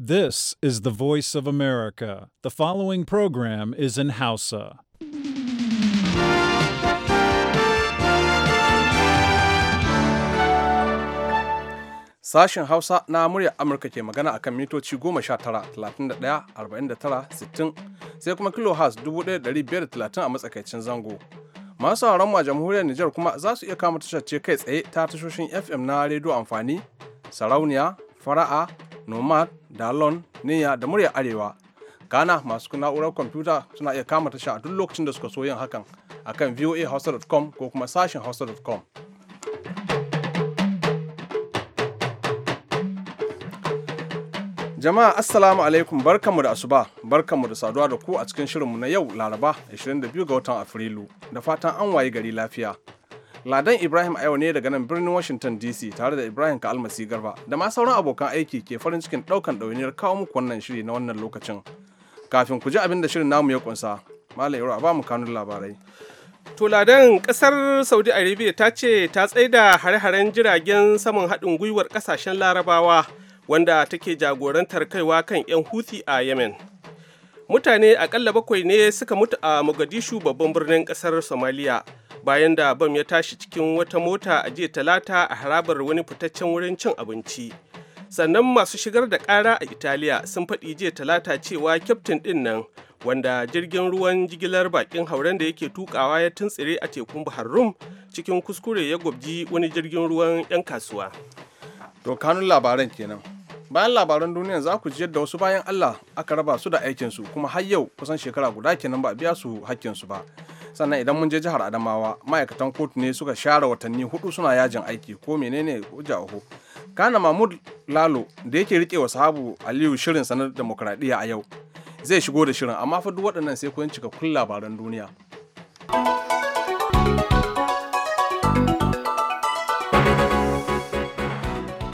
This is the voice of America. The following program is in Hausa. Sashen Hausa na murya Amurka ke magana akan mitoci 19-31-49-60 sai kuma has 1530 a matsakaicin zango. Masu sauran a jamhuriyar Nijar kuma za su iya kama tashar kai tsaye ta tashoshin FM na rediyo amfani, sarauniya, fara'a, nomad dalon niya da murya arewa ghana masu na'urar kwamfuta suna iya kama tasha a duk lokacin da suka so yin hakan akan voahausa.com ko kuma sashen hausa.com Jama'a Assalamu alaikum barkanmu da asuba barkanmu da saduwa da ku a cikin shirinmu na yau Laraba 22 ga watan Afrilu da fatan an waye gari lafiya. Ladan Ibrahim a yau ne daga nan birnin Washington DC tare da Ibrahim Kalmasi Garba da ma sauran abokan aiki ke farin cikin ɗaukan ɗauniyar kawo muku wannan shiri na wannan lokacin. Kafin ku ji abin da shirin namu ya kunsa, Malam Yaro a ba mu kanun labarai. To ladan kasar Saudi Arabia ta ce ta tsaida hare-haren jiragen saman haɗin gwiwar ƙasashen larabawa wanda take jagorantar kaiwa kan 'yan Houthi a Yemen. Mutane akalla bakwai ne suka mutu a Mogadishu babban birnin ƙasar Somalia. bayan da bam ya tashi cikin wata mota a jiya talata a harabar wani fitaccen wurin cin abinci sannan masu shigar da kara a italiya sun faɗi jiya talata cewa kyaftin ɗin nan wanda jirgin ruwan jigilar bakin hauren da yake tukawa ya tuntsire a tekun bahar rum cikin kuskure ya gwabji wani jirgin ruwan 'yan kasuwa to kanun labaran kenan bayan labaran duniya za ku ji yadda wasu bayan allah aka raba su da aikinsu kuma har yau kusan shekara guda kenan ba a biya su hakkinsu ba sannan idan mun je jihar adamawa ma'aikatan kotu ne suka share watanni hudu suna yajin aiki ko menene hujja oho kana mahmud lalo da yake rike wa sahabu aliyu shirin sanar demokradiyya a yau zai shigo da shirin amma fa duk waɗannan sai kun cika kun labaran duniya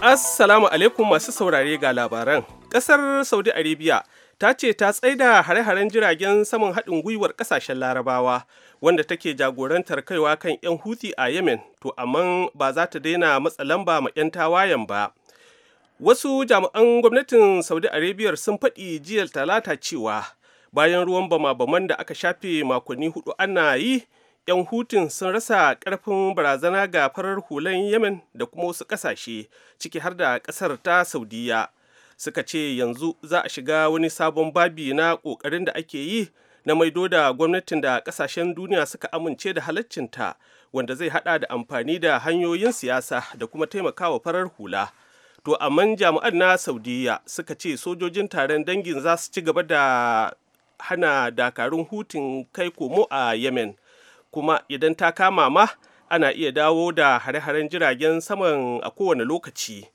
Assalamu alaikum masu saurare ga labaran. Ƙasar Saudi Arabia ta ce ta tsaida hare-haren jiragen saman haɗin gwiwar ƙasashen larabawa wanda take jagorantar kaiwa kan 'yan hutu a yemen to amma ba za ta daina matsa lamba ma 'yan tawayen ba wasu jami'an gwamnatin saudi arabia sun faɗi jiya talata cewa bayan ruwan bama-baman da aka shafe makonni hudu ana yi 'yan hutun sun rasa ƙarfin barazana ga farar hulan yemen da kuma wasu ƙasashe, ciki har da ƙasar ta saudiya suka ce yanzu za a shiga wani sabon babi na ƙoƙarin da ake yi na maido da gwamnatin da ƙasashen duniya suka amince da halaccinta wanda zai hada da amfani da hanyoyin siyasa da kuma taimakawa farar hula. To amma jami'an na Saudiya suka ce sojojin taron dangin za su ci gaba da hana dakarun hutun kai komo a Yemen. Kuma idan ta kama ma ana iya dawo da hare-haren jiragen saman a kowane lokaci.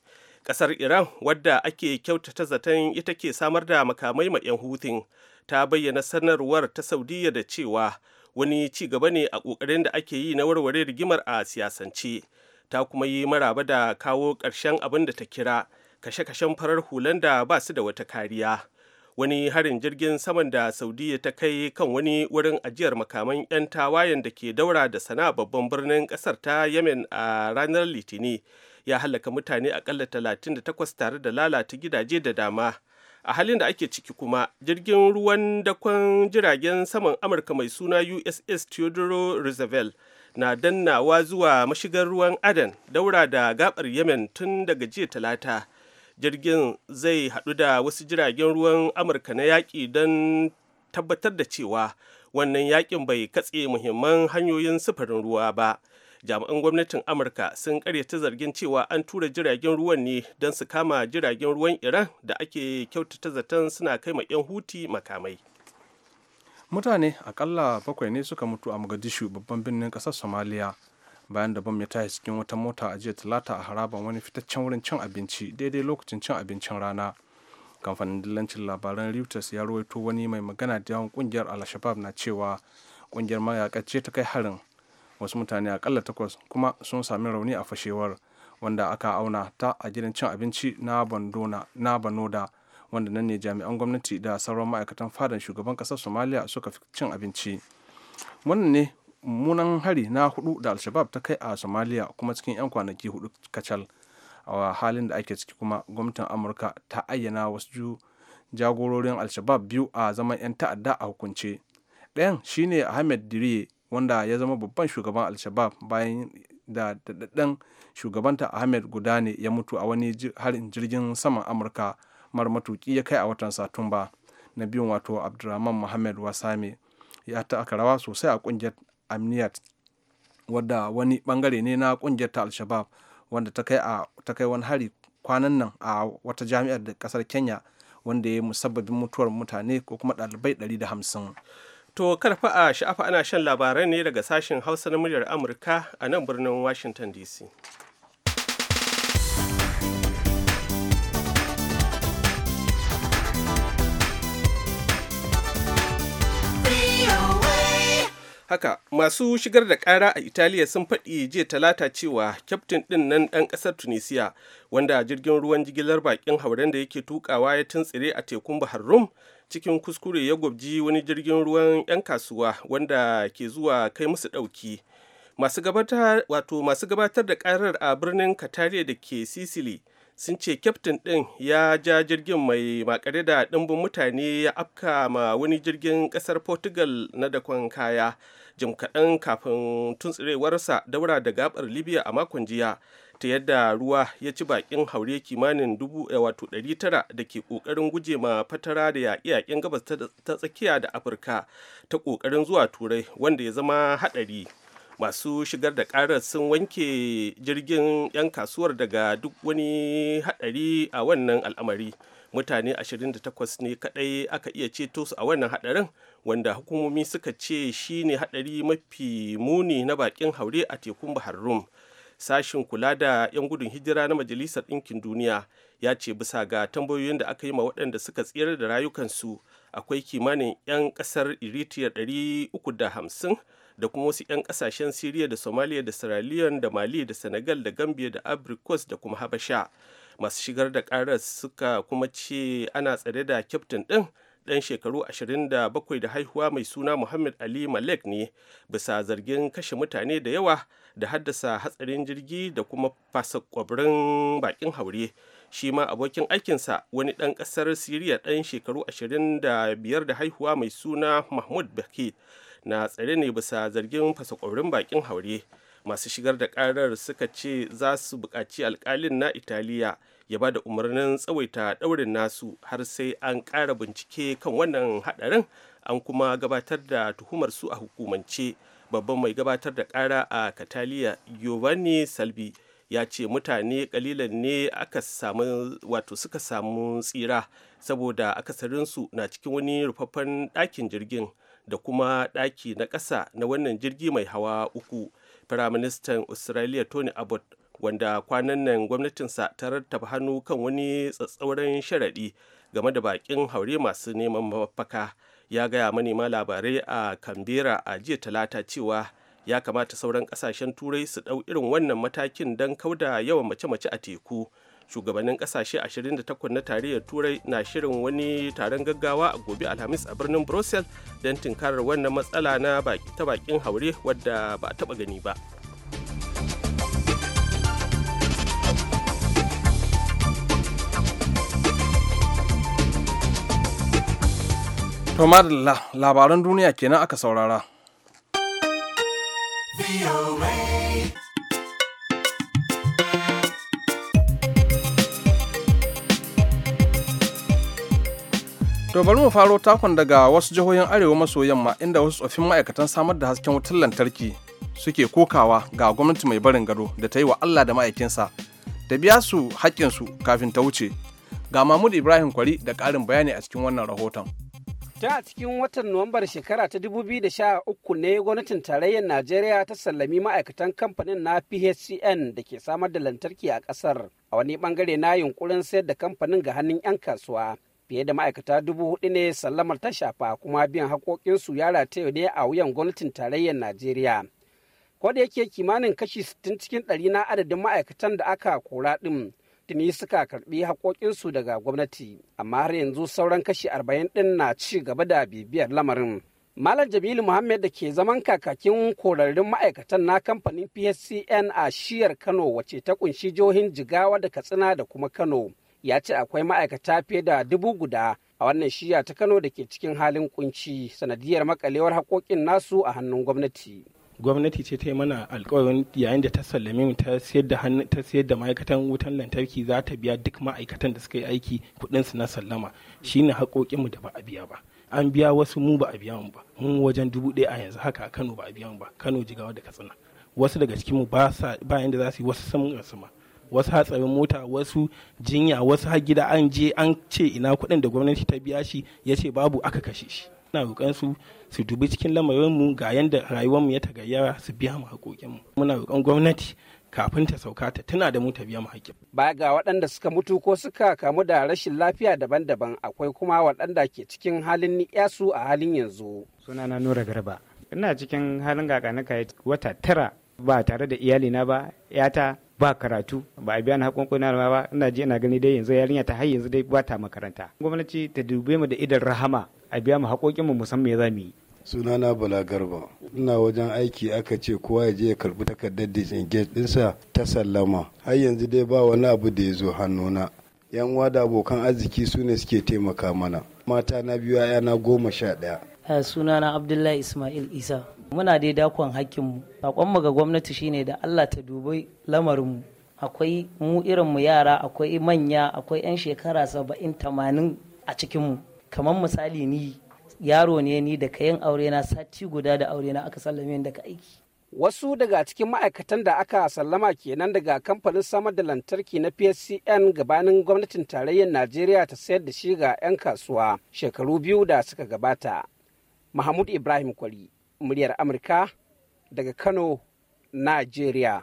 kasar iran wadda ake kyautata zaton ita ke samar da makamai ma 'yan hutun ta bayyana sanarwar ta Saudiyya da cewa wani ci gaba ne a ƙoƙarin da ake yi na warware rigimar a siyasance ta kuma yi maraba da kawo ƙarshen abin da ta kira kashe-kashen farar hulan da ba su da wata kariya wani harin jirgin saman da Saudiyya ta kai kan wani wurin ajiyar makaman 'yan tawayen da ke daura da sana'a babban birnin ƙasar ta yemen a ranar litini. ya halaka mutane akalla 38 tare da lalata gidaje da dama a halin da ake ciki kuma jirgin ruwan dakon jiragen saman amurka mai suna uss theodore roosevelt na dannawa zuwa mashigar ruwan adan daura da gabar yemen tun daga jiya talata jirgin zai haɗu da wasu jiragen ruwan amurka na yaƙi don tabbatar da cewa wannan yaƙin bai katse muhimman hanyoyin sufurin ruwa ba jami'an gwamnatin amurka sun karyata zargin cewa an tura jiragen ruwan ne don su kama jiragen ruwan iran da ake kyautata zaton suna kai ma 'yan huti makamai mutane akalla bakwai ne suka mutu a mogadishu babban birnin kasar somaliya bayan da bam ya tashi cikin wata mota a jiya talata a haraban wani fitaccen wurin cin abinci daidai lokacin cin abincin rana kamfanin dillancin labaran reuters ya ruwaito wani mai magana da yawan kungiyar al na cewa kungiyar mayaka ce ta kai harin wasu mutane akalla takwas kuma sun sami rauni a fashewar wanda aka auna ta a gidan cin abinci na bandona na banoda wanda nan ne jami'an gwamnati da sauran ma'aikatan fadan shugaban kasar somaliya suka fi cin abinci wannan ne mummunan hari na hudu da alshabab ta kai a somalia kuma cikin 'yan kwanaki hudu kacal a halin da ake ciki kuma gwamnatin amurka ta ayyana wasu jagororin alshabab biyu a zaman 'yan ta'adda a hukunce ɗayan shine ahmed diriye wanda ya zama babban shugaban al-shabab bayan da daɗaɗɗen shugabanta ahmed gudane ya mutu a wani harin jirgin saman amurka mara matuki ya kai a watan satumba na biyun wato abdulrahman muhammad wasame ya taka rawa sosai a ƙungiyar amniyat wadda wani bangare ne na ƙungiyar ta al-shabab wanda ta kai wani hari kwanan nan a wata jami'ar da kasar kenya wanda ya yi musabbabin mutuwar mutane ko kuma ɗalibai 150 To karfa a sha'afa ana shan labarai ne daga sashen Hausa na muryar Amurka a nan birnin Washington DC. Haka masu shigar da ƙara a Italiya sun faɗi jiya talata cewa kyaftin ɗin nan ɗan ƙasar Tunisiya wanda jirgin ruwan jigilar baƙin hauren da yake tukawa ya tuntsire a tekun Bahar Rum cikin kuskure ya gwabji wani jirgin ruwan 'yan kasuwa wanda ke zuwa kai musu ɗauki masu gabatar da karar a birnin kataria da ke sicily sun ce kyaftin ɗin ya ja jirgin mai makare da ɗimbin mutane ya afka ma wani jirgin ƙasar portugal na dakon kaya jim kaɗan kafin tuntsirewarsa daura da gabar libya a makon jiya ta yadda ruwa ya ci bakin haure kimanin dubu eh, wato ɗari tara da ke ƙoƙarin guje ma fatara da yaƙe gabas ta tsakiya da afirka ta ƙoƙarin zuwa turai wanda ya zama haɗari masu shigar da karar sun wanke jirgin 'yan kasuwar daga duk wani haɗari a wannan al'amari mutane 28 ne kaɗai aka iya ceto su a wannan haɗarin wanda hukumomi suka ce shi ne hadari mafi muni na bakin haure a tekun bahar rum sashin kula da 'yan gudun hijira na majalisar ɗinkin duniya ya ce bisa ga tambayoyin da aka yi ma waɗanda suka tsira da rayukansu akwai kimanin 'yan ƙasar eritrea 350 da kuma wasu 'yan ƙasashen siriya da somalia da sierra da mali da senegal da gambia da abricos da kuma habasha masu shigar da ƙarar suka kuma ce ana tsare da kyaftin ɗin ɗan shekaru 27 da haihuwa mai suna Muhammad Ali Malek ne bisa zargin kashe mutane da yawa da haddasa hatsarin jirgi da kuma fasa kwabirin bakin haure. Shi ma abokin aikinsa wani ɗan ƙasar Siriya ɗan shekaru 25 da haihuwa mai suna Mahmud baki na tsare ne bisa zargin fasa kwabirin bakin haure. Masu shigar da karar suka ce za su buƙaci alƙalin na Italiya ya ba da umarnin tsawaita ɗaurin nasu har sai an ƙara bincike kan wannan haɗarin an kuma gabatar da tuhumar su a hukumance babban mai gabatar da ƙara a kataliya giovanni salvi ya ce mutane ƙalilan ne aka samu wato suka samu tsira saboda akasarinsu na cikin wani rufaffen ɗakin jirgin da kuma ɗaki na ƙasa na wannan jirgi mai hawa uku firaministan australia tony abbott wanda kwanan nan gwamnatinsa ta rattaba hannu kan wani tsatsauran sharaɗi game da baƙin haure masu neman mafaka ya gaya manema labarai a kambera a jiya talata cewa ya kamata sauran ƙasashen turai su ɗau irin wannan matakin don kauda yawan mace-mace a teku shugabannin kasashe 28 na tarayyar turai na shirin wani taron gaggawa a gobe alhamis a birnin brussels don tinkarar wannan matsala na ta bakin haure wadda ba a taba gani ba To labaran duniya kenan aka saurara. To bari mu faro takon daga wasu jihohin arewa maso yamma inda wasu tsofin ma'aikatan samar da hasken wutar lantarki suke kokawa ga gwamnati mai barin gado da ta yi wa Allah da ma'aikinsa da biya su haƙƙinsu kafin ta wuce. Ga Mahmud Ibrahim Kwari da ƙarin bayani a cikin wannan rahoton. ta a cikin watan nuwambar shekara ta 2013 ne gwamnatin tarayyar najeriya ta sallami ma'aikatan kamfanin na phcn da ke samar da lantarki a kasar a wani bangare na yunkurin sayar da kamfanin ga hannun 'yan kasuwa fiye da ma'aikata dubu hudu ne sallamar ta shafa kuma biyan haƙoƙinsu ya rataye ne a wuyan gwamnatin tarayyar najeriya ko da yake kimanin kashi 60 cikin ɗari na adadin ma'aikatan da aka kora ɗin tuni suka karbi haƙoƙinsu daga gwamnati amma har yanzu sauran kashi arba'in ɗin na ci gaba da bibiyar lamarin Malam Jamilu muhammed da ke zaman kakakin korarrun ma'aikatan na kamfanin PSCN a shiyar Kano wace ta kunshi jihohin Jigawa da Katsina da kuma Kano ya ce akwai ma'aikata fiye da dubu guda a wannan shiya ta Kano da ke cikin halin kunci sanadiyar makalewar haƙoƙin nasu a hannun gwamnati. gwamnati ce ta yi mana alkawarin yayin da ta sallame mu ta sayar da hannu ta sayar da ma'aikatan wutan lantarki za ta biya duk ma'aikatan da suka yi aiki kuɗin su na sallama shine haƙoƙinmu da ba a biya ba an biya wasu mu ba a biya mu ba mun wajen dubu ɗaya a yanzu haka a Kano ba a biya mu ba Kano jigawa da Katsina wasu daga cikin mu ba sa ba yanda za su wasu sun rasuma wasu hatsarin mota wasu jinya wasu har gida an je an ce ina kuɗin da gwamnati ta biya shi ya ce babu aka kashe shi na roƙon su su dubi cikin lamarin lamarinmu ga yanda rayuwarmu ya tagayyara su biya mu mu. muna roƙon gwamnati kafin ta sauka ta tana da mu ta biya mu haƙƙin. Ba ga waɗanda suka mutu ko suka kamu da rashin lafiya daban-daban akwai kuma waɗanda ke cikin halin ni'yasu a halin yanzu. Sunana Nura Garba. Ina cikin halin kai wata tara ba tare da iyalina ba, yata ba karatu ba a biya na hakunkuna ba ina ji ina gani dai yanzu yarinya ta har yanzu dai ba ta makaranta gwamnati ta dube mu da idan rahama a biya mu haƙoƙin mu san me za mu yi sunana bala garba ina wajen aiki aka ce kowa ya je ya karbi takardar da disengage dinsa ta sallama har yanzu dai ba wani abu da ya zo hannuna yan uwa da abokan arziki su ne suke taimaka mana mata na biyu yana goma sha ɗaya eh, sunana abdullahi ismail isa muna dai dakon mu. hakkin Bakon mu ga gwamnati shine da allah ta dubi mu akwai mu irin mu yara akwai manya akwai 'yan shekara saba'in tamanin a cikin mu kamar misali ni yaro ne ni da kayan aure na sati guda da aure na aka sallame daga aiki wasu daga cikin ma'aikatan da aka sallama kenan daga kamfanin samar da lantarki na pscn gabanin gwamnatin tarayyar najeriya ta sayar da shi ga 'yan kasuwa shekaru biyu da suka gabata mahmud ibrahim kwari muryar amurka daga kano najeriya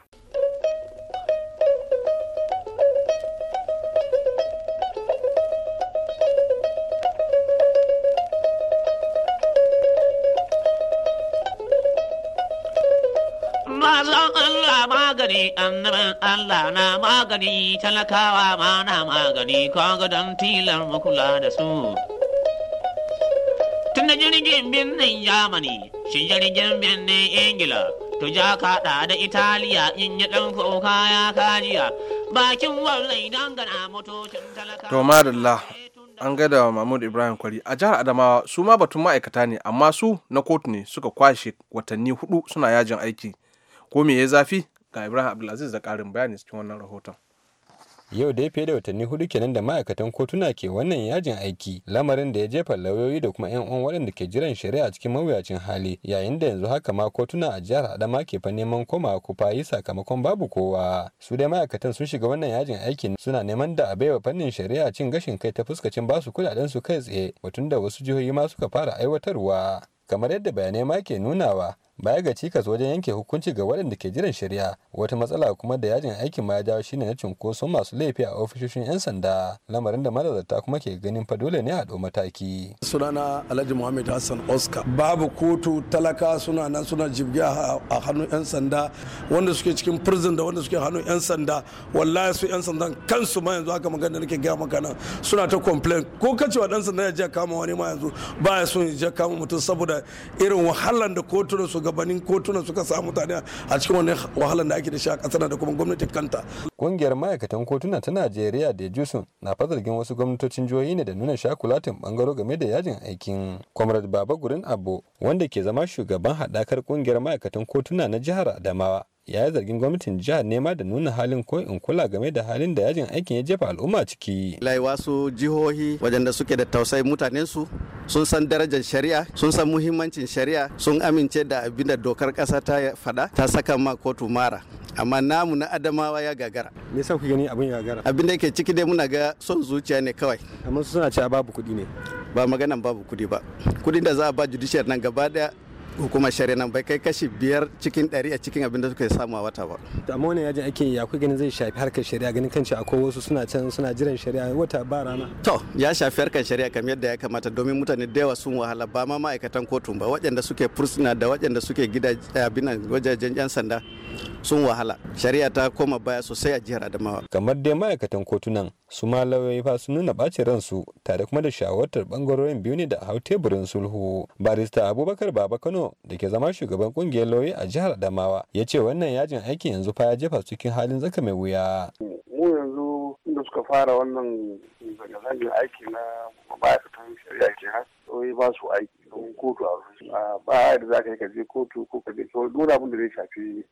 mazan Allah magani annabin Allah na magani talakawa ma na magani kaga don tilar makula da su. Tun da jirgin birnin Yamani, shi jirgin birnin Ingila, to ja kaɗa da Italiya in yi ɗan kuka ya kajiya, bakin wallai dangana motocin talakawa. To madalla, an gada wa Mahmud Ibrahim Kwari a jihar Adamawa su ma batun ma'aikata ne amma su na kotu ne suka kwashe watanni hudu suna yajin aiki. ko me ya zafi ga ibrahim abdulaziz da karin bayani cikin wannan rahoton yau dai fiye da watanni hudu kenan da ma'aikatan kotuna ke wannan yajin aiki lamarin da ya jefa lauyoyi da kuma 'yan uwan waɗanda ke jiran shari'a cikin mawuyacin hali yayin da yanzu haka ma kotuna a jihar adama ke fa neman koma yi sakamakon babu kowa su dai ma'aikatan sun shiga wannan yajin aikin suna neman da a baiwa fannin shari'a cin gashin kai ta fuskacin basu kudaden su kai tsaye batun da wasu jihohi ma suka fara aiwatarwa kamar yadda bayanai ma ke nunawa baya ga cikas wajen yanke hukunci ga waɗanda ke jiran shari'a wata matsala kuma da yajin aikin ma ya jawo shine na cunkoson masu laifi a ofishoshin 'yan sanda lamarin da manazarta kuma ke ganin fa dole ne a ɗau mataki sunana alhaji muhammad hassan oscar babu kotu talaka suna nan suna jibge a hannun 'yan sanda wanda suke cikin prison da wanda suke hannun 'yan sanda wallahi su 'yan sandan kansu ma yanzu haka magana nake gaya maka nan suna ta complain ko kacewa dan sanda ya je kama wani ma yanzu ba ya so ya je kama mutum saboda irin wahalan da kotunan su shugabannin kotuna suka sa mutane a cikin wani wahalar da ake da shi a kasar da kuma gwamnatin kanta. Kungiyar ma'aikatan kotuna ta Najeriya da Jusun na fazargin wasu gwamnatocin jihohi ne da nuna shakulatin bangaro game da yajin aikin. Comrade Baba Gurin Abu wanda ke zama shugaban haɗakar kungiyar ma'aikatan kotuna na jihar Adamawa ya yi zargin gwamnatin jihar nema da nuna halin ko in kula game da halin da yajin aikin ya jefa al'umma ciki. Lai wasu jihohi wajen da suke da tausayi mutanensu sun san darajar shari'a sun san muhimmancin shari'a sun amince da abinda dokar ƙasa ta faɗa ta saka ma kotu mara amma namu na adamawa ya gagara me yasa ku gani abin ya gagara abin da yake ciki dai muna ga son zuciya ne kawai amma suna cewa babu kuɗi ne ba maganan babu kuɗi ba kuɗin da za a ba judiciary nan gaba daya hukumar shari'a nan bai kai kashi biyar cikin ɗari a cikin abin da suka samu a wata ba. amma wannan yajin ake ya kuwa ganin zai shafi harkar shari'a ganin kanci kowa wasu suna can suna jiran shari'a wata ba rana. to ya shafi harkar shari'a kamar yadda ya kamata domin mutane da yawa sun wahala ba ma ma'aikatan kotu ba waɗanda suke fursuna da waɗanda suke gida abin wajajen yan sanda sun wahala shari'a ta koma baya sosai a jihar adamawa. kamar dai ma'aikatan kotu nan. su ma lauyoyi fa sun nuna ɓacin ransu tare kuma da shawartar bangarorin biyu ne da hau teburin sulhu barista abubakar baba kano da ke zama shugaban kungiyar lauyi a jihar adamawa ya ce wannan yajin aikin yanzu fa ya jefa cikin halin zaka mai wuya mu yanzu inda suka fara wannan zanga-zangar aiki na ma'aikatan shari'a ke tsoyi ba su aiki don kotu a ba da za ka yi ka je kotu ko ka je wani abin da zai shafi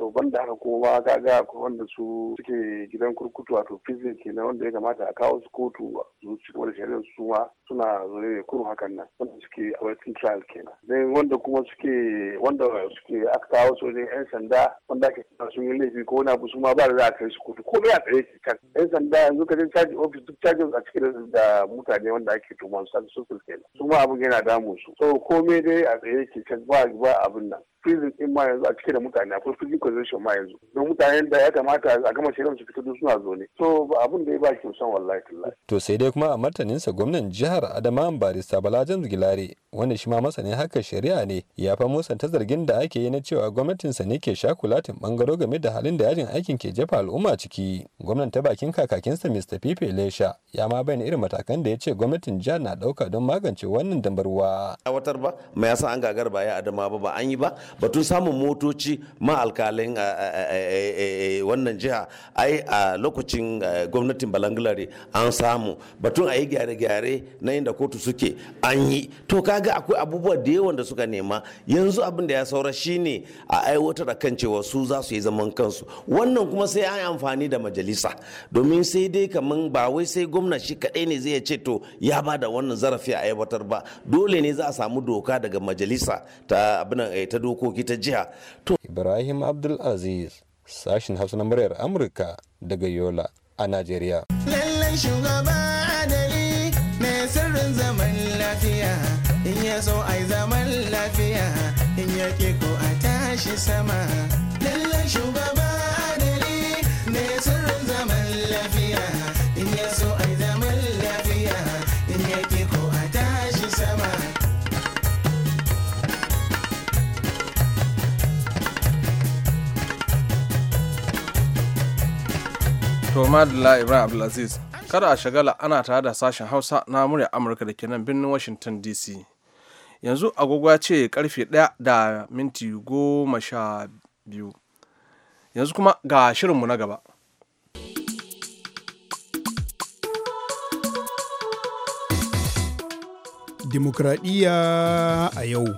to banda haka kuma ga ko wanda su suke gidan kurkutu wato prison na wanda ya kamata a kawo su kotu su ci gaba da shari'ar su ma suna zaune ne kurun hakan nan wanda suke a waiting trial kenan dan wanda kuma suke wanda suke aka kawo su wajen yan sanda wanda ake sun yi laifi ko wani abu su ma ba da za a kai su kotu ko a tsaye ke kan yan sanda yanzu ka je caji ofis duk cajin a cikin da mutane wanda ake tuhuman su su kenan su ma abin yana damu su so komai dai a tsaye ke can ba abin nan prison in ma yanzu a cike da mutane akwai prison position ma yanzu don mutanen da ya kamata a gama shirin su fito suna zo ne so abin da ya ba ki son wallahi tallahi to sai dai kuma a martaninsa gwamnan jihar Adama Barista balajan James Gilare wanda shi ma masanin haka shari'a ne ya fa musanta zargin da ake yi na cewa gwamnatinsa ne ke shakulatin bangaro game da halin da yajin aikin ke jefa al'umma ciki gwamnan ta bakin kakakinsa Mr. Pipe Lesha ya ma bayyana irin matakan da ya ce gwamnatin jihar na dauka don magance wannan dambarwa watar ba mai yasa an gagar ba ya Adama ba ba an yi ba batun samun motoci ma alkalin wannan jiha ai a lokacin eh, gwamnatin balangulare an samu batun a yi gyare-gyare na inda kotu suke an yi to kaga akwai abubuwa da yawan da suka nema yanzu abin da ya saura shine a aiwatar da kan cewa su za su yi zaman kansu wannan kuma sai an amfani da majalisa domin sai dai kamar ba wai sai gwamna shi kaɗai ne zai ce to ya ba da wannan zarafi a aiwatar ba dole ne za a samu doka daga majalisa ta abin eh, ta doka dokoki ta jiha ibrahim abdulaziz sashin hausa na muryar amurka daga yola a najeriya lallai shugaba adali ne sirrin zaman lafiya in ya so ai zaman lafiya in ya ke ko a tashi sama Madalla Ibrahim Abdulaziz. Kada a shagala ana tare da sashen Hausa na murya Amurka da ke nan birnin Washington DC. Yanzu agogwa ce karfe 1 da minti goma sha biyu. Yanzu kuma ga shirinmu na gaba. Dimokuraɗiyya a yau.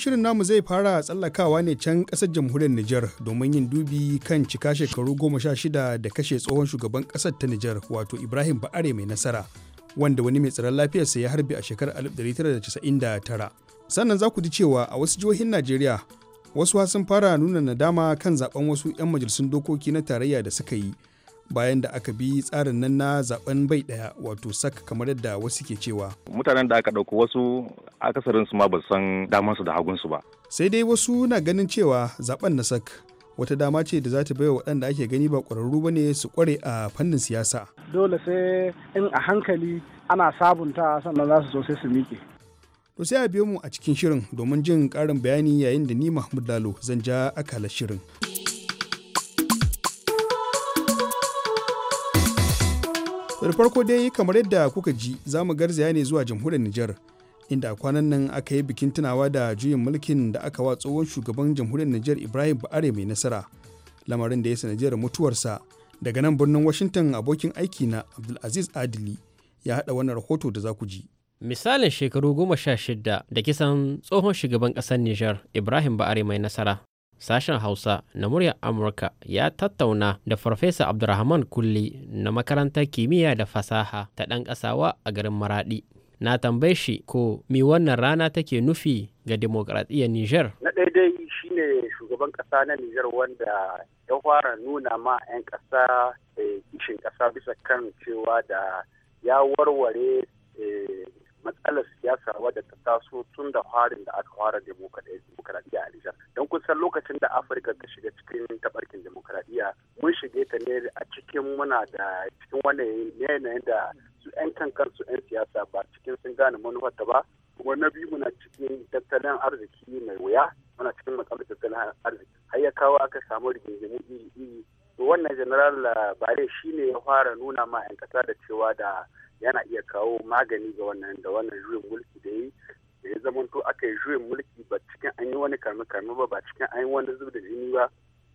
shirin namu zai fara tsallakawa ne can ƙasar jamhuriyar Nijar domin yin dubi kan cika shekaru goma sha shida da kashe tsohon shugaban ƙasar ta Nijar wato Ibrahim Ba'are mai nasara wanda wani mai tsaron lafiyarsa ya harbi a shekarar 1999. Sannan za ku ji cewa a wasu jihohin Najeriya wasu sun fara nuna nadama kan zaben wasu 'yan majalisun dokoki na tarayya da suka yi bayan da aka bi tsarin nan na zaben bai daya wato sak kamar yadda wasu ke cewa mutanen da aka ɗauko wasu akasarin su ma ba san damar su da su ba sai dai wasu na ganin cewa zaben na sak wata dama ce da za ta baiwa waɗanda ake gani ba ƙwararru ba ne su ƙware a fannin siyasa. Dole sai in a hankali ana sabunta sannan za su zo sai su miƙe. To sai a biyo mu a cikin shirin domin jin ƙarin bayani yayin da ni Mahmud Lalo zan ja akalar shirin. da farko dai kamar yadda kuka ji za mu garzaya ne zuwa jamhuriyar Nijar inda a kwanan nan aka yi bikin tunawa da juyin mulkin da aka wa tsohon shugaban jamhuriyar Nijar Ibrahim Ba'are mai nasara lamarin da ya sanadiyar mutuwarsa daga nan birnin Washington abokin aiki na Abdulaziz Adili ya haɗa wannan rahoto da za ku ji. Misalin shekaru goma sha shida da kisan tsohon shugaban ƙasar Nijar Ibrahim Ba'are mai nasara Sashen Hausa na muryar Amurka ya tattauna da Farfesa abdulrahman Kulli na makarantar kimiyya da fasaha ta ɗan ƙasawa a garin Maraɗi. Na tambaye shi ko mi wannan rana take nufi ga demokradiyyar Nijar? Na daidai shine shugaban ƙasa na Nijar wanda ya fara nuna ma 'yan ƙasa eh, kishin ƙasa bisa kan cewa da ya warware eh, matsalar siyasa wadda ta taso tun da harin da aka fara demokradiyya a Nijar. Don kusan lokacin da Afirka ta shiga cikin tabarkin demokradiyya mun shige ta ne a cikin muna da cikin wani yanayin da su 'yan kankan kansu 'yan siyasa ba cikin sun gane manufar ta ba. Kuma na biyu muna cikin tattalin arziki mai wuya muna cikin matsalar tattalin arziki. Har ya kawo aka samu rigingimu iri-iri. To wannan general bare shi ne ya fara nuna ma 'yan kasa da cewa da yana iya kawo magani ga wannan da wannan juyin mulki da yi da ya zamanto aka yi juyin mulki ba cikin an yi wani karmi karmi ba ba cikin an yi wani zub da jini ba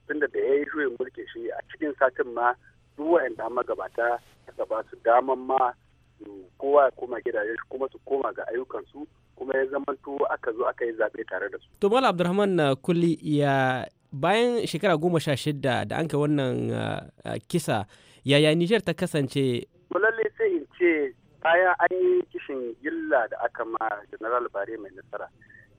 tunda da ya yi juyin mulki shi a cikin satin ma duk wa'anda magabata aka ba su daman ma kowa ya koma su kuma su koma ga ayyukansu kuma ya zamanto aka zo aka yi zaɓe tare da su. To Mala Abdulrahman Kulli ya bayan shekara goma sha shida da an kai wannan ah, ah, kisa yaya Nijar ta kasance to lalle sai in ce bayan an yi kishin gilla da aka ma general bare mai nasara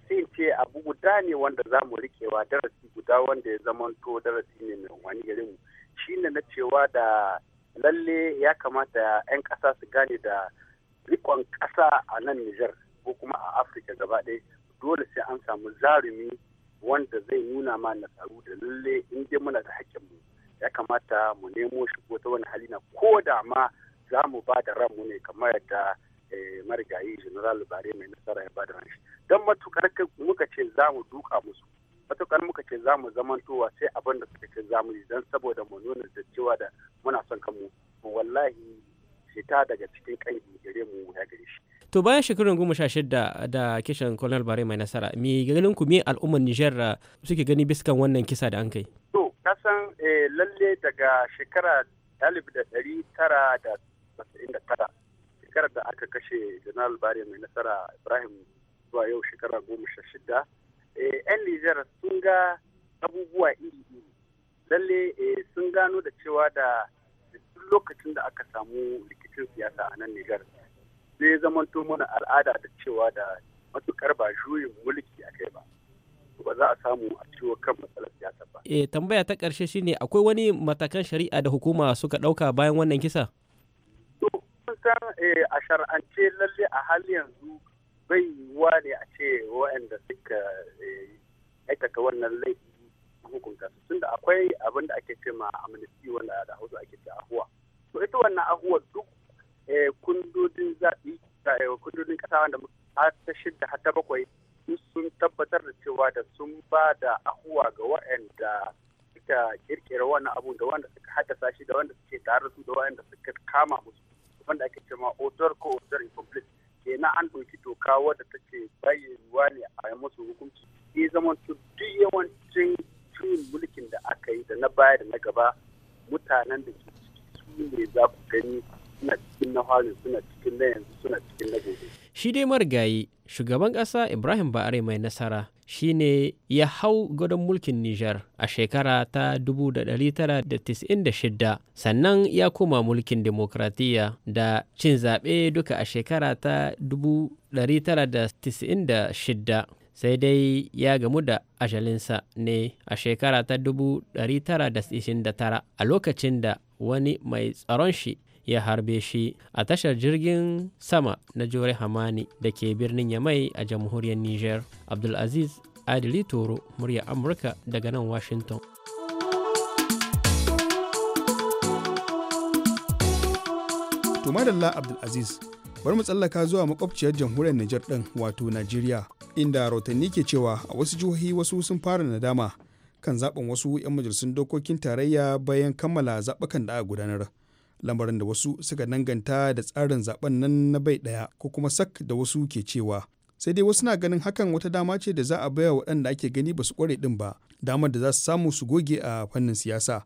sai in ce abu guda ne wanda za mu rikewa darasi guda wanda ya zama to darasi ne mai wani garin shi ne na cewa da lalle ya kamata 'yan ƙasa su gane da rikon ƙasa a nan Nijar ko kuma a Afirka gaba ɗaya dole sai an samu zarumi wanda zai nuna ma nasaru da lalle in dai muna da hakkinmu ya kamata mu nemo shi ko ta wani hali na ko da ma za mu ba da ranmu ne kamar yadda eh, marigayi general bare mai nasara ya ba da ranshi don matukar muka ce za mu duka musu matukar muka ce za mu zamantowa sai abin da suka ce za mu yi don saboda mu nuna da cewa da muna son kanmu wallahi fita daga cikin kan gare mu ya gare shi. To bayan shekarun goma sha shida da kishin Colonel Bare mai nasara, me ganin ku me al'ummar Nijar eh, suke gani biskan wannan kisa da an kai? To, kasan eh, lalle daga shekara alif da ɗari tara da tara shekarar da aka kashe janar bari mai nasara ibrahim zuwa yau shekara goma sha shida yan eh, nijar sun ga abubuwa iri iri lalle eh, sun gano da cewa da duk lokacin da aka samu rikicin siyasa a nan nijar zai zamanto mana al'ada da cewa da matukar ba juyin mulki a kai ba ba za a samu a ciwo kan matsalar siyasa ba. Eh, tambaya ta ƙarshe shine akwai wani matakan shari'a da hukuma suka ɗauka bayan wannan kisa? kusan eh, a shar'ance lalle a hali yanzu bai yiwuwa ne a ce waɗanda suka eh, aikata wannan laifi hukunta su tunda akwai abin da ake ce ma amnesty wanda da hausa ake ce ahuwa to ita wannan ahuwa duk eh, kundodin zaɓi kundodin ƙasa wanda ta shida har ta bakwai sun tabbatar da cewa da sun ba da ahuwa ga waɗanda suka kirkira wannan abu da wanda suka haddasa shi da wanda suke tare su da waɗanda suka kama musu wanda ake cewa otor ko otor incomplete kenan an ɗauki doka wadda take bayyana ne a musu hukunci ya zama duk yawancin cin mulkin da aka yi da na baya da na gaba mutanen da ke su ne za ku gani suna cikin na suna cikin na yanzu suna cikin na gobe. Shi dai marigayi shugaban ƙasa ibrahim ba'are mai nasara shine ya hau gadon mulkin nijar a shekara ta 1996 sannan ya koma mulkin demokratiya da cin zaɓe duka a shekara ta 1996 sai dai ya gamu da ajalinsa ne a shekara ta 1999 a lokacin da wani mai tsaron shi ya harbe shi a tashar jirgin sama na jore hamani da ke birnin yamai a jamhuriyar niger abdulaziz adili toro murya amurka daga nan washington tumadalla abdulaziz bari mu tsallaka zuwa makwabciyar jamhuriyar niger din wato najeriya inda rautanni ke cewa a wasu jihohi wasu sun fara nadama kan zaben wasu 'yan majalisun dokokin tarayya bayan kammala zaɓukan da aka gudanar lamarin da wasu suka danganta da tsarin zaben nan na bai ɗaya ko kuma sak da wasu ke cewa sai dai wasu na ganin hakan wata dama ce da za a baya waɗanda ake gani ba su kware ɗin ba damar da za su samu su goge a fannin siyasa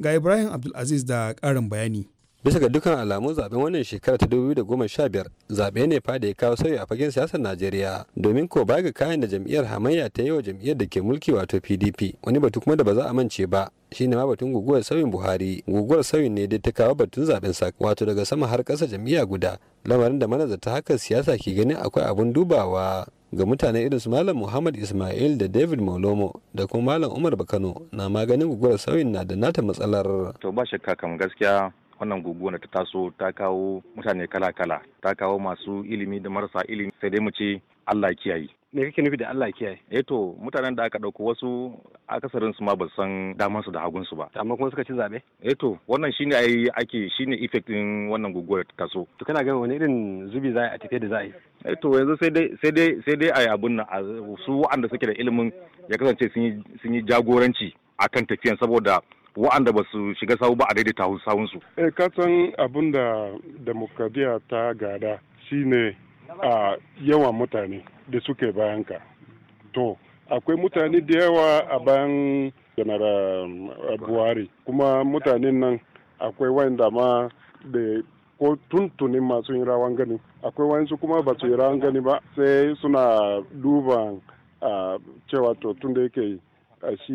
ga ibrahim abdulaziz da ƙarin bayani bisa ga dukkan alamun zaben wannan shekara ta 2015 zaɓe ne fa da ya kawo sauyi a fagen siyasar Najeriya domin ko baya ga kayan da jam'iyyar hamayya ta yi wa jam'iyyar da ke mulki wato PDP wani batu kuma da ba za a mance ba shi ne ma batun guguwar sauyin Buhari guguwar sauyin ne dai ta kawo batun zaɓen sa wato daga sama har ƙasa jam'iyya guda lamarin da manazarta hakan siyasa ke ganin akwai abun dubawa ga mutane irin su malam muhammad ismail da david molomo da kuma malam umar bakano na maganin guguwar sauyin na da nata matsalar to ba shakka kam gaskiya wannan guguwar ta taso ta kawo mutane kala-kala ta kawo masu ilimi da marasa ilimi sai dai mu ce Allah kiyaye me kake nufi da Allah kiyaye eh to mutanen da aka dauko wasu akasarin su ma ba san damansu da hagun su ba amma kuma suka ci zabe eh to wannan shine ai ake shine effect din wannan guguwar ta taso to kana ga wani irin zubi za a tafi da za a yi eh to yanzu sai dai sai dai sai dai ai abun nan su wa'anda suke da ilimin ya kasance sun yi jagoranci akan tafiyan saboda wa'anda ba su shiga sahu ba a tahun sahun su eh ka abin da demokradiya ta gada ne a yawan mutane da suke bayan ka to akwai mutane da yawa a bayan janar eh, buhari kuma mutanen nan akwai wanda ma da ko tuntuni masu yin rawan gani akwai wayansu kuma ba su yi rawan gani ba sai suna duban cewa to tun da yake shi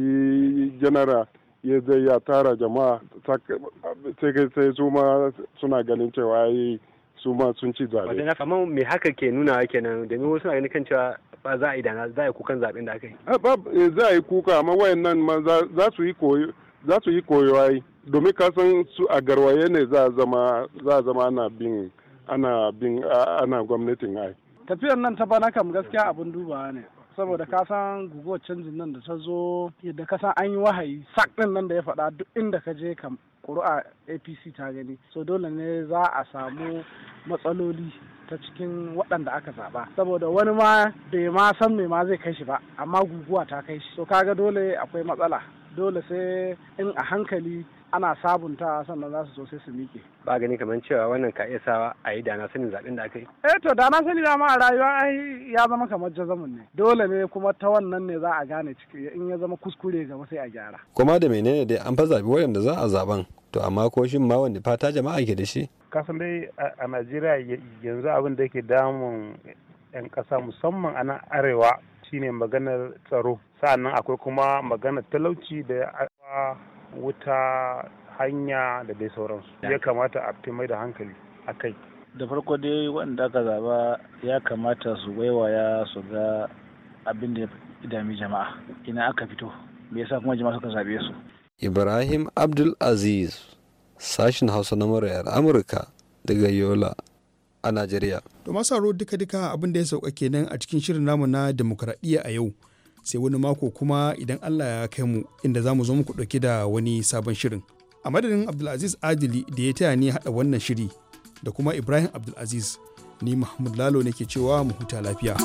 janara ya zai ya tara jama'a sai sai su ma suna ganin cewa yi su ma sun ci zabe amma me haka ke nuna kenan domin wasu na ganin kan cewa ba za a yi dana za a yi kukan zaben da aka yi ba eh, za a yi kuka amma wayan nan ma za su yi koyo za su yi koyo domin ka san su a garwaye ne za a zama za a zama ana bin ana bin ana gwamnatin ai tafiyar nan ta bana kam gaskiya abin dubawa ne saboda ka san guguwar canjin nan da ta zo yadda ka san an yi wahayi sak din nan da ya faɗa duk inda ka je kam ƙuri'a apc ta gani so dole ne za a samu matsaloli ta cikin waɗanda aka zaɓa saboda wani ma bai ma san me ma zai kai shi ba amma guguwa ta kai shi so kaga dole akwai matsala dole sai in a hankali ana sabunta sannan za su so sai su miƙe. Ba gani kamar cewa wannan ka iya sawa a yi dana sanin zaɓen da aka yi. Eh to dana sani dama a rayuwa ai ya zama kamar jazamun ne. Dole ne kuma ta wannan ne za a gane ciki in ya zama kuskure gaba sai a gyara. Kuma da menene dai an fa zaɓi waɗanda za a zaɓen. To amma ko shin ma wanda fata jama'a ke da shi? Kasan dai a Najeriya yanzu abin da yake damun 'yan ƙasa musamman a nan arewa shine maganar tsaro. Sa'annan akwai kuma maganar talauci da wuta hanya da dai sauransu ya kamata a fi mai da hankali a kai da farko dai wanda aka zaba ya kamata su waiwaya su ga abin da ya dami jama'a ina aka fito me yasa kuma jama'a suka zabe su ibrahim abdul aziz sashin hausa na muryar amurka daga yola a najeriya to masu duka-duka abin da ya sauka kenan a cikin shirin namu na demokradiyya a yau sai wani mako kuma idan Allah ya kai mu inda za mu zo muku ɗauki da wani sabon shirin. A madadin Abdulaziz Adili da ya taya ni haɗa wannan shiri da kuma Ibrahim Abdulaziz ni Mahmud Lalo nake cewa mu huta lafiya.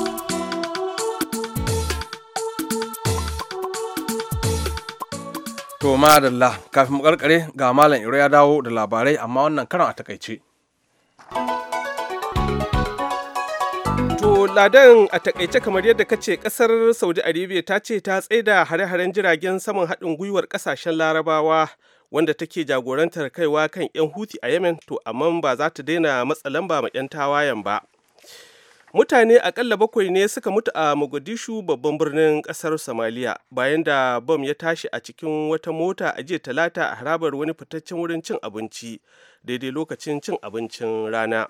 To madalla kafin mu karkare ga Malam Iro ya dawo da labarai amma wannan karan a takaice. ladan a takaice kamar yadda ka ce kasar saudi arabia ta ce ta tsaida hare-haren jiragen saman haɗin gwiwar ƙasashen larabawa wanda take jagorantar kaiwa kan 'yan huti a yemen to amma ba za ta daina matsalan bama ma'yan 'yan tawayen ba mutane akalla bakwai ne suka mutu a mogadishu babban birnin kasar somaliya bayan da bom ya tashi a cikin wata mota a jiya talata a harabar wani fitaccen wurin cin abinci daidai lokacin cin abincin rana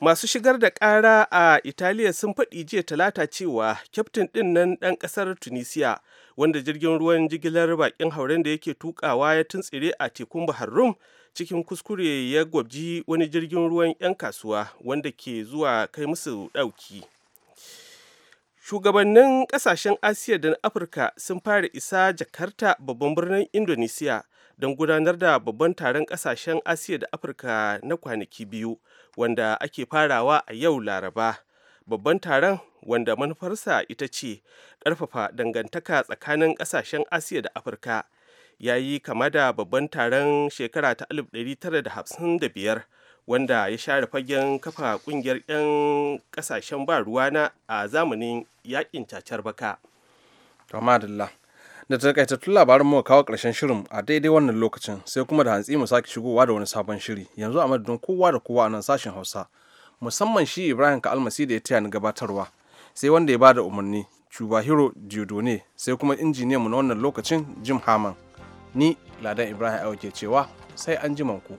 masu shigar da kara a italiya sun faɗi jiya talata cewa kyaftin ɗin nan ɗan ƙasar tunisia wanda jirgin ruwan jigilar bakin hauren da yake tukawa ya tuntsire a tekun bahar rum cikin kuskure ya gwabji wani jirgin ruwan 'yan kasuwa wanda ke zuwa kai musu ɗauki shugabannin ƙasashen asiya da na afirka sun fara isa jakarta babban birnin indonesiya don gudanar da babban taron ƙasashen asiya da afirka na kwanaki biyu wanda ake farawa a yau laraba babban taron wanda manufarsa ita ce ƙarfafa dangantaka tsakanin ƙasashen asiya da afirka ya yi kama da babban taron shekara ta 1955 wanda ya share fagen kafa ƙungiyar 'yan ƙasashen ba ruwana a zamanin yaƙin cacar baka. da ta takaitattun labarin mu kawo karshen shirin a daidai wannan lokacin sai kuma da hantsi mu sake shigowa da wani sabon shiri yanzu a madadin kowa da kowa a nan sashen hausa musamman shi ibrahim ka almasi da ya taya ni gabatarwa sai wanda ya ba da umarni hero Diodone sai kuma injiniyan mu na wannan lokacin Jim Haman. Ni Ladan Ibrahim Ayo ke cewa sai an ku.